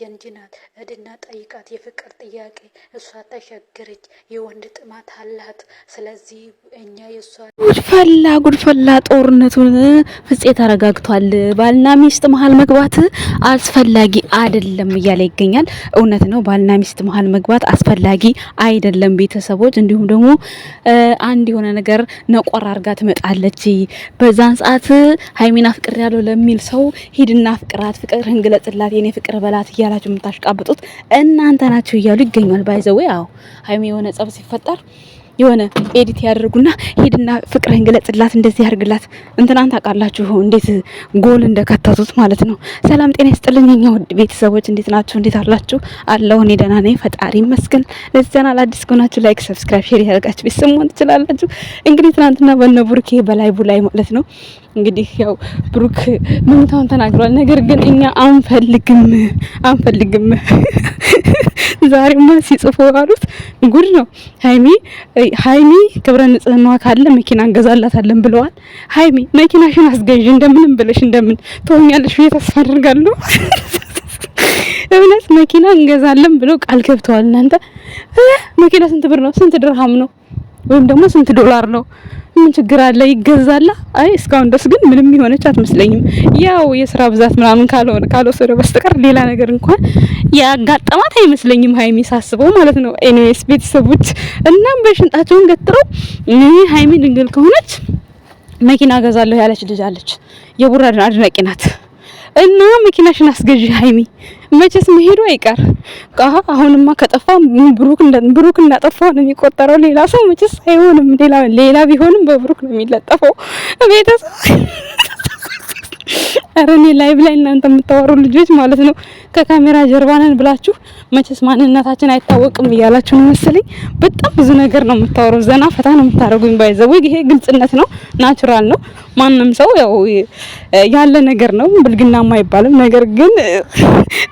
ጀንጅ ናት። እድና ጠይቃት የፍቅር ጥያቄ እሷ ተሸግረች፣ የወንድ ጥማት አላት። ስለዚህ እኛ የእሷ ጉድፈላ ጉድፈላ ጦርነቱን ፍፄ ተረጋግቷል። ባልና ሚስት መሀል መግባት አስፈላጊ አይደለም እያለ ይገኛል። እውነት ነው፣ ባልና ሚስት መሀል መግባት አስፈላጊ አይደለም። ቤተሰቦች እንዲሁም ደግሞ አንድ የሆነ ነገር ነቆር አርጋ ትመጣለች። በዛን ሰዓት ሀይሚን አፍቅር ያለው ለሚል ሰው ሂድና ፍቅራት ፍቅርህን ግለጽላት የኔ ፍቅር በላት እያላችሁ የምታሽቃብጡት እናንተ ናችሁ እያሉ ይገኛል። ባይዘዌ አዎ ሀይሚ የሆነ ጸብ ሲፈጠር የሆነ ኤዲት ያደርጉና ሄድና ፍቅርህን ግለጽላት እንደዚህ ያርግላት እንትናን ታውቃላችሁ፣ እንዴት ጎል እንደከተቱት ማለት ነው። ሰላም ጤና ይስጥልኝ የኛ ውድ ቤተሰቦች እንዴት ናችሁ? እንዴት አላችሁ? አለሁ እኔ ደህና ነኝ፣ ፈጣሪ ይመስገን። ለዚህ ቻናል አዲስ ከሆናችሁ ላይክ፣ ሰብስክራይብ፣ ሼር ያደርጋችሁ ቤተሰብ መሆን ትችላላችሁ። እንግዲህ ትናንትና በነ ቡርኬ በላይ ቡላይ ማለት ነው እንግዲህ ያው ብሩክ መኝታውን ተናግሯል። ነገር ግን እኛ አንፈልግም አንፈልግም ዛሬማ ሲጽፎ አሉት ጉድ ነው። ሀይሚ ሀይሚ ክብረ ንጽህናዋ ካለ መኪና እንገዛላታለን ብለዋል። ሀይሚ መኪናሽን አስገዢ እንደምንም ብለሽ እንደምን ትሆኛለሽ ብዬ ተስፋ አደርጋለሁ። እምነት መኪና እንገዛለን ብለው ቃል ገብተዋል። እናንተ መኪና ስንት ብር ነው? ስንት ድርሃም ነው? ወይም ደግሞ ስንት ዶላር ነው? ምን ችግር አለ? ይገዛላ። አይ እስካሁን ድረስ ግን ምንም የሆነች አትመስለኝም። ያው የስራ ብዛት ምናምን ካልሆነ ካልወሰደ በስተቀር ሌላ ነገር እንኳን ያጋጠማት አይመስለኝም። ሀይሚ ሳስበው ማለት ነው። ኤኒዌይስ ቤተሰቦች እናም በሽንጣቸውን ገትረው ሀይሚ ድንግል ከሆነች መኪና ገዛለሁ ያለች ልጅ አለች። የቡራድን አድናቂ ናት። እና መኪናሽን አስገዢ ሀይሚ፣ መቼስ መሄዱ አይቀር። አሁንማ ከጠፋ ብሩክ ብሩክ እንዳጠፋው ነው የሚቆጠረው። ሌላ ሰው መቼስ አይሆንም። ሌላ ቢሆንም በብሩክ ነው የሚለጠፈው ቤተሰብ ኧረ እኔ ላይቭ ላይ እናንተ የምታወሩ ልጆች ማለት ነው ከካሜራ ጀርባ ነን ብላችሁ መቼስ ማንነታችን አይታወቅም እያላችሁ ነው መሰለኝ። በጣም ብዙ ነገር ነው የምታወሩ፣ ዘና ፈታ ነው የምታደርጉኝ። ባይዘው ይሄ ግልጽነት ነው፣ ናቹራል ነው። ማንም ሰው ያው ያለ ነገር ነው፣ ብልግናም አይባልም። ነገር ግን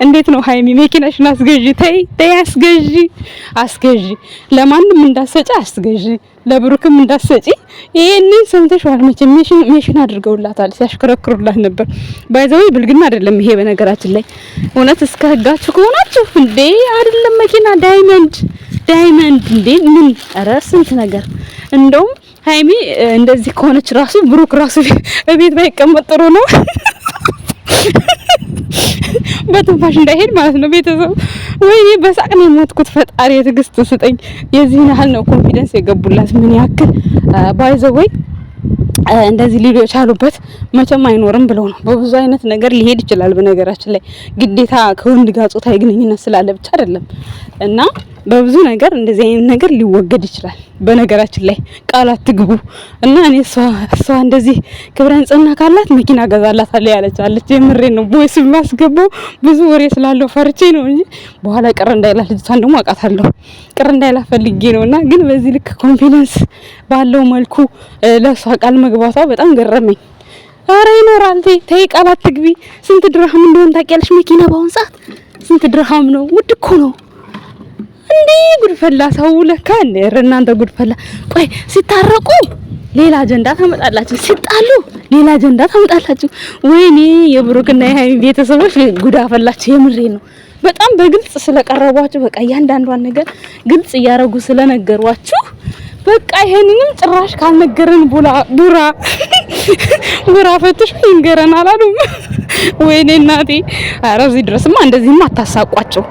እንዴት ነው ሀይሚ መኪናሽን አስገዢ፣ ተይ ተይ፣ አስገዢ አስገዢ፣ ለማንም እንዳሰጫ አስገዢ ለብሩክም እንዳሰጪ ይሄንን ሰምተሽዋል መቼም ሜሽን አድርገውላታል ሲያሽከረክሩላት ነበር። ባይዘው ብልግና አይደለም ይሄ በነገራችን ላይ እውነት እስከ ህጋችሁ ከሆናችሁ እንዴ አይደለም መኪና ዳይመንድ ዳይመንድ እንዴ ምን ኧረ ስንት ነገር እንደውም ሀይሚ እንደዚህ ከሆነች ራሱ ብሩክ ራሱ ቤት ባይቀመጥ ጥሩ ነው። በትንፋሽ እንዳይሄድ ማለት ነው። ቤተሰብ ወይኔ በሳቅ ነው የሞትኩት። ፈጣሪ የትዕግስት ስጠኝ። የዚህን ያህል ነው ኮንፊደንስ የገቡላት። ምን ያክል ባይዘወይ እንደዚህ ሊሉ የቻሉበት መቼም አይኖርም ብለው ነው። በብዙ አይነት ነገር ሊሄድ ይችላል። በነገራችን ላይ ግዴታ ከወንድ ጋር ጾታዊ ግንኙነት ስላለ ብቻ አይደለም እና በብዙ ነገር እንደዚህ አይነት ነገር ሊወገድ ይችላል። በነገራችን ላይ ቃላት ትግቡ እና እኔ እሷ እንደዚህ ክብረን ጽና ካላት መኪና ገዛላታለሁ ያለች አለች። የምሬ ነው። ቦይስ የማስገባው ብዙ ወሬ ስላለው ፈርቼ ነው እንጂ በኋላ ቅር እንዳይላት ልጅቷን ደግሞ አውቃታለሁ ቅር እንዳይላት ፈልጌ እና ግን በዚህ ልክ ኮንፊደንስ ባለው መልኩ ለእሷ ቃል መግባቷ በጣም ገረመኝ። አረ ይኖራል። ተይ ቃላት ትግቢ። ስንት ድርሃም እንደሆነ ታውቂያለሽ? መኪና በአሁን ሰዓት ስንት ድርሃም ነው? ውድ እኮ ነው። እንዴ ጉድፈላ ሰው ለካ እንዴ! እናንተ ጉድፈላ። ቆይ ሲታረቁ ሌላ አጀንዳ ታመጣላችሁ፣ ሲጣሉ ሌላ አጀንዳ ታመጣላችሁ። ወይኔ የብሩክና የሀይሚ ቤተሰቦች ጉድ አፈላችሁ። የምሬ ነው። በጣም በግልጽ ስለቀረቧችሁ፣ በቃ እያንዳንዷን ነገር ግልጽ እያረጉ ስለነገሯችሁ በቃ ይሄንንም ጭራሽ ካልነገረን ቡላ ቡራ ቡራ ፈትሽ ይንገረን አላሉም። ወይኔ እናቴ! ኧረ እዚህ ድረስማ እንደዚህማ አታሳቋቸው።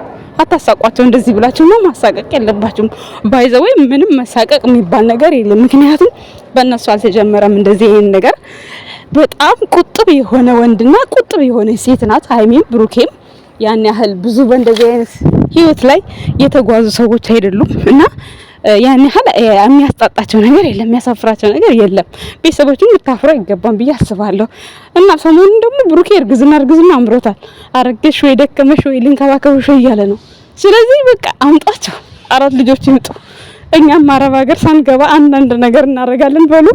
አታሳቋቸው። እንደዚህ ብላችሁ ነው ማሳቀቅ የለባችሁም። ባይዘወይ ምንም መሳቀቅ የሚባል ነገር የለም። ምክንያቱም በእነሱ አልተጀመረም እንደዚህ ይሄን ነገር። በጣም ቁጥብ የሆነ ወንድና ቁጥብ የሆነ ሴት ናት ሀይሚም ብሩኬም። ያን ያህል ብዙ በእንደዚህ አይነት ህይወት ላይ የተጓዙ ሰዎች አይደሉም እና ያን ያህል የሚያስጣጣቸው ነገር የለም፣ የሚያሳፍራቸው ነገር የለም። ቤተሰቦችን ልታፍሩ አይገባም ብዬ አስባለሁ። እና ሰሞኑን ደግሞ ብሩኬ እርግዝና እርግዝና አምሮታል። አረገሽ ወይ ደከመሽ ወይ ልንከባከብሽ እያለ ነው። ስለዚህ በቃ አምጧቸው፣ አራት ልጆች ይምጡ። እኛም አረብ ሀገር ሳንገባ አንዳንድ ነገር እናደርጋለን በሉ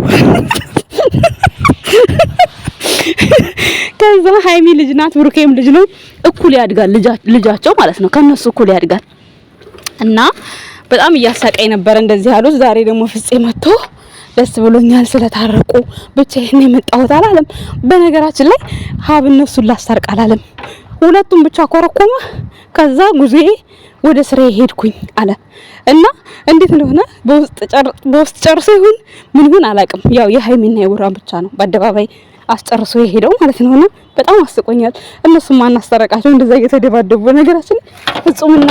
ከዛ ሀይሚ ልጅ ናት፣ ብሩኬም ልጅ ነው። እኩል ያድጋል ልጃቸው ማለት ነው። ከነሱ እኩል ያድጋል እና በጣም እያሳቀኝ ነበረ እንደዚህ ያሉት። ዛሬ ደግሞ ፍፄ መጥቶ ደስ ብሎኛል ስለታረቁ ብቻ ብቻዬን የመጣሁት አላለም። በነገራችን ላይ ሀብ እነሱን ላስታርቅ አላለም። ሁለቱም ብቻ ኮረኮመ። ከዛ ጉዜ ወደ ስራ ሄድኩኝ አለ እና እንዴት እንደሆነ በውስጥ ጨርሶ ይሁን ምን ይሁን አላውቅም። ያው የሀይሚና የቡራ ብቻ ነው በአደባባይ አስጨርሶ የሄደው ማለት ነውና በጣም አስቆኛል። እነሱም ማናስታረቃቸው እንደዛ እየተደባደቡ በነገራችን ፍጹምና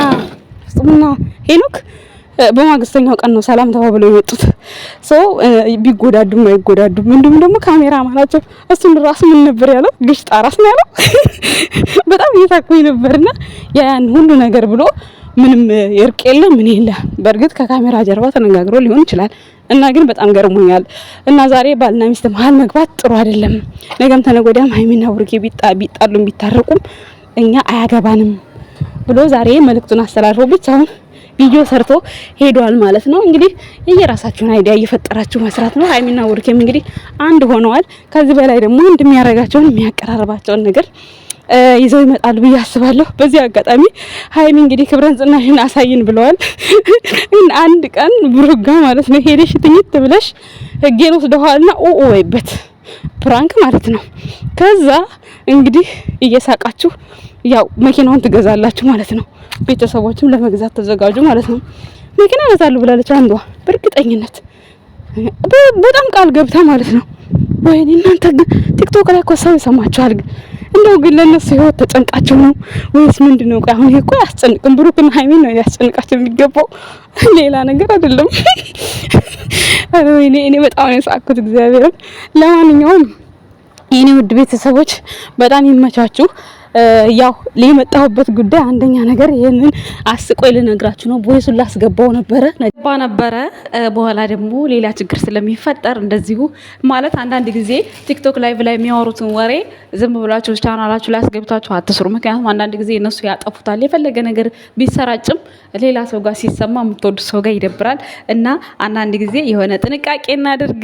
ፍጹምና ሄኖክ በማግስተኛው ቀን ነው ሰላም ተባብለው የመጡት። ሰው ቢጎዳዱም አይጎዳዱም። እንዲሁም ደግሞ ካሜራ ማናቸው እሱን ራሱ ምን ነበር ያለው? ግሽጣ ራስ ነው ያለው። በጣም እየታኩኝ ነበርና ያን ሁሉ ነገር ብሎ ምንም እርቅ የለ ምን የለ። በእርግጥ ከካሜራ ጀርባ ተነጋግሮ ሊሆን ይችላል እና ግን በጣም ገርሞኛል። እና ዛሬ ባልና ሚስት መሀል መግባት ጥሩ አይደለም። ነገም ተነገ ወዲያም ሀይሚና ብሩኬ ቢጣሉም ቢታረቁም እኛ አያገባንም። ብሎ ዛሬ መልእክቱን አስተላልፎ ብቻውን ቪዲዮ ሰርቶ ሄዷል ማለት ነው። እንግዲህ የራሳችሁን አይዲያ እየፈጠራችሁ መስራት ነው። ሀይሚና ወርኬም እንግዲህ አንድ ሆነዋል። ከዚህ በላይ ደግሞ እንደሚያረጋቸውን የሚያቀራርባቸውን ነገር ይዘው ይመጣሉ ብዬ አስባለሁ። በዚህ አጋጣሚ ሀይሚ እንግዲህ ክብረን ጽናሽን አሳይን ብለዋል። አንድ ቀን ብሩጋ ማለት ነው ሄደሽ ትኝት ብለሽ ህጌን ወስደኋልና ኦኦ ወይበት ፕራንክ ማለት ነው ከዛ እንግዲህ እየሳቃችሁ ያው መኪናውን ትገዛላችሁ ማለት ነው። ቤተሰቦችም ለመግዛት ተዘጋጁ ማለት ነው። መኪና እገዛለሁ ብላለች አንዷ በእርግጠኝነት በጣም ቃል ገብታ ማለት ነው። ወይኔ እናንተ ቲክቶክ ላይ እኮ ሰው ይሰማችኋል። እንደው ግን ለእነሱ ህይወት ተጨንቃችሁ ነው ወይስ ምንድን ነው? ቆይ አሁን ይሄ እኮ አያስጨንቅም። ብሩክና ሀይሚን ነው ያስጨንቃቸው የሚገባው ሌላ ነገር አይደለም። ወይኔ እኔ በጣም ነው የሳቅኩት እግዚአብሔርን ለማንኛውም የኔ ውድ ቤተሰቦች በጣም ይመቻችሁ። ያው የመጣሁበት ጉዳይ አንደኛ ነገር ይህንን አስቆይ ልነግራችሁ ነው። ቦይሱን ላስገባው ነበረ ባ ነበረ በኋላ ደግሞ ሌላ ችግር ስለሚፈጠር እንደዚሁ ማለት አንዳንድ ጊዜ ቲክቶክ ላይቭ ላይ የሚያወሩትን ወሬ ዝም ብላችሁ ቻናላችሁ ላይ አስገብታችሁ አትስሩ። ምክንያቱም አንዳንድ ጊዜ እነሱ ያጠፉታል። የፈለገ ነገር ቢሰራጭም ሌላ ሰው ጋር ሲሰማ የምትወዱ ሰው ጋር ይደብራል እና አንዳንድ ጊዜ የሆነ ጥንቃቄ እናድርግ።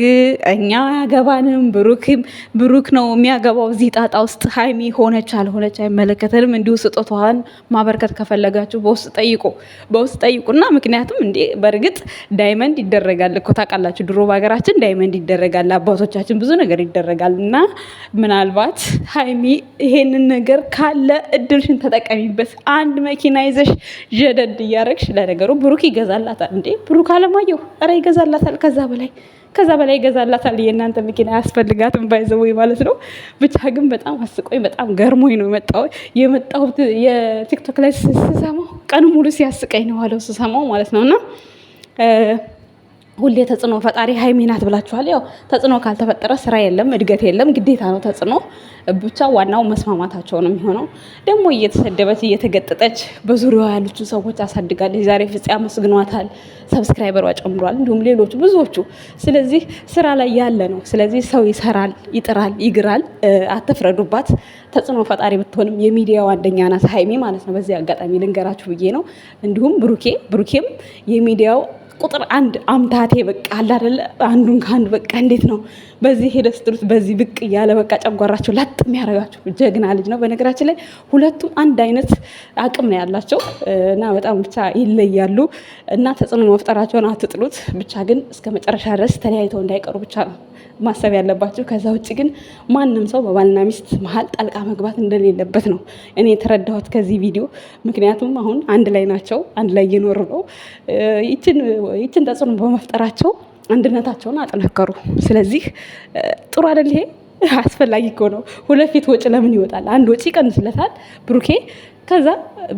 እኛ ያገባንም ብሩክም ብሩክ ነው የሚያገባው እዚህ ጣጣ ውስጥ ሀይሚ ሆነች አልሆነች ሰዎች አይመለከተንም። እንዲሁ ስጦታዋን ማበርከት ከፈለጋችሁ በውስጥ ጠይቁ፣ በውስጥ ጠይቁና ምክንያቱም እንዲ በእርግጥ ዳይመንድ ይደረጋል እኮ ታውቃላችሁ፣ ድሮ በሀገራችን ዳይመንድ ይደረጋል፣ አባቶቻችን ብዙ ነገር ይደረጋል። እና ምናልባት ሀይሚ ይሄንን ነገር ካለ እድልሽን ተጠቀሚበት። አንድ መኪና ይዘሽ ዠደድ እያረግሽ ለነገሩ ብሩክ ይገዛላታል እንዴ ብሩክ አለማየሁ ኧረ ይገዛላታል ከዛ በላይ ከዛ በላይ ይገዛላታል። የእናንተ መኪና አያስፈልጋትም ባይዘው ማለት ነው። ብቻ ግን በጣም አስቆኝ፣ በጣም ገርሞኝ ነው የመጣሁት። የቲክቶክ ላይ ስሰማው ቀን ሙሉ ሲያስቀኝ ነው ዋለው ስሰማው ማለት ነው እና ሁሌ ተጽዕኖ ፈጣሪ ሀይሚ ናት ብላችኋል። ያው ተጽዕኖ ካልተፈጠረ ስራ የለም፣ እድገት የለም። ግዴታ ነው ተጽዕኖ። ብቻ ዋናው መስማማታቸው ነው የሚሆነው። ደግሞ እየተሰደበች እየተገጠጠች በዙሪያ ያሉትን ሰዎች አሳድጋለች። ዛሬ ፍፄ አመስግኗታል፣ ሰብስክራይበሯ ጨምሯል፣ እንዲሁም ሌሎቹ ብዙዎቹ። ስለዚህ ስራ ላይ ያለ ነው። ስለዚህ ሰው ይሰራል፣ ይጥራል፣ ይግራል። አትፍረዱባት። ተጽዕኖ ፈጣሪ ብትሆንም የሚዲያው አንደኛ ናት ሀይሚ ማለት ነው። በዚህ አጋጣሚ ልንገራችሁ ብዬ ነው። እንዲሁም ብሩኬ ብሩኬም የሚዲያው ቁጥር አንድ አምታቴ በቃ አለ አንዱን ከአንድ በቃ እንዴት ነው በዚህ ሄደ ስትሉት በዚህ ብቅ እያለ በቃ ጨጓራቸው ላጥ የሚያደርጋቸው ጀግና ልጅ ነው። በነገራችን ላይ ሁለቱም አንድ አይነት አቅም ነው ያላቸው እና በጣም ብቻ ይለያሉ እና ተጽዕኖ መፍጠራቸውን አትጥሉት። ብቻ ግን እስከ መጨረሻ ድረስ ተለያይተው እንዳይቀሩ ብቻ ነው ማሰብ ያለባቸው። ከዛ ውጭ ግን ማንም ሰው በባልና ሚስት መሀል ጣልቃ መግባት እንደሌለበት ነው እኔ የተረዳሁት ከዚህ ቪዲዮ። ምክንያቱም አሁን አንድ ላይ ናቸው፣ አንድ ላይ እየኖሩ ነው። ይችን ይችን ተጽዕኖ በመፍጠራቸው አንድነታቸውን አጠነከሩ። ስለዚህ ጥሩ አይደል? ይሄ አስፈላጊ እኮ ነው። ሁለት ፊት ወጪ ለምን ይወጣል? አንድ ወጪ ይቀንስለታል ብሩኬ። ከዛ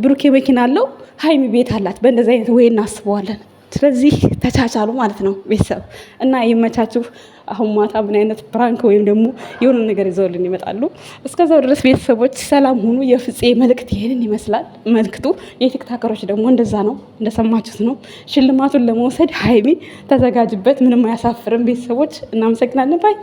ብሩኬ መኪና አለው፣ ሀይሚ ቤት አላት። በእንደዚህ አይነት ወይ እናስበዋለን። ስለዚህ ተቻቻሉ ማለት ነው ቤተሰብ እና ይመቻችሁ። አሁን ማታ ምን አይነት ፕራንክ ወይም ደግሞ የሆነ ነገር ይዘውልን ይመጣሉ። እስከዛው ድረስ ቤተሰቦች ሰላም ሁኑ። የፍፄ መልእክት ይሄንን ይመስላል። መልክቱ የቲክታከሮች ደግሞ እንደዛ ነው፣ እንደሰማችሁት ነው። ሽልማቱን ለመውሰድ ሀይሚ ተዘጋጅበት፣ ምንም አያሳፍርም። ቤተሰቦች እናመሰግናለን ባይ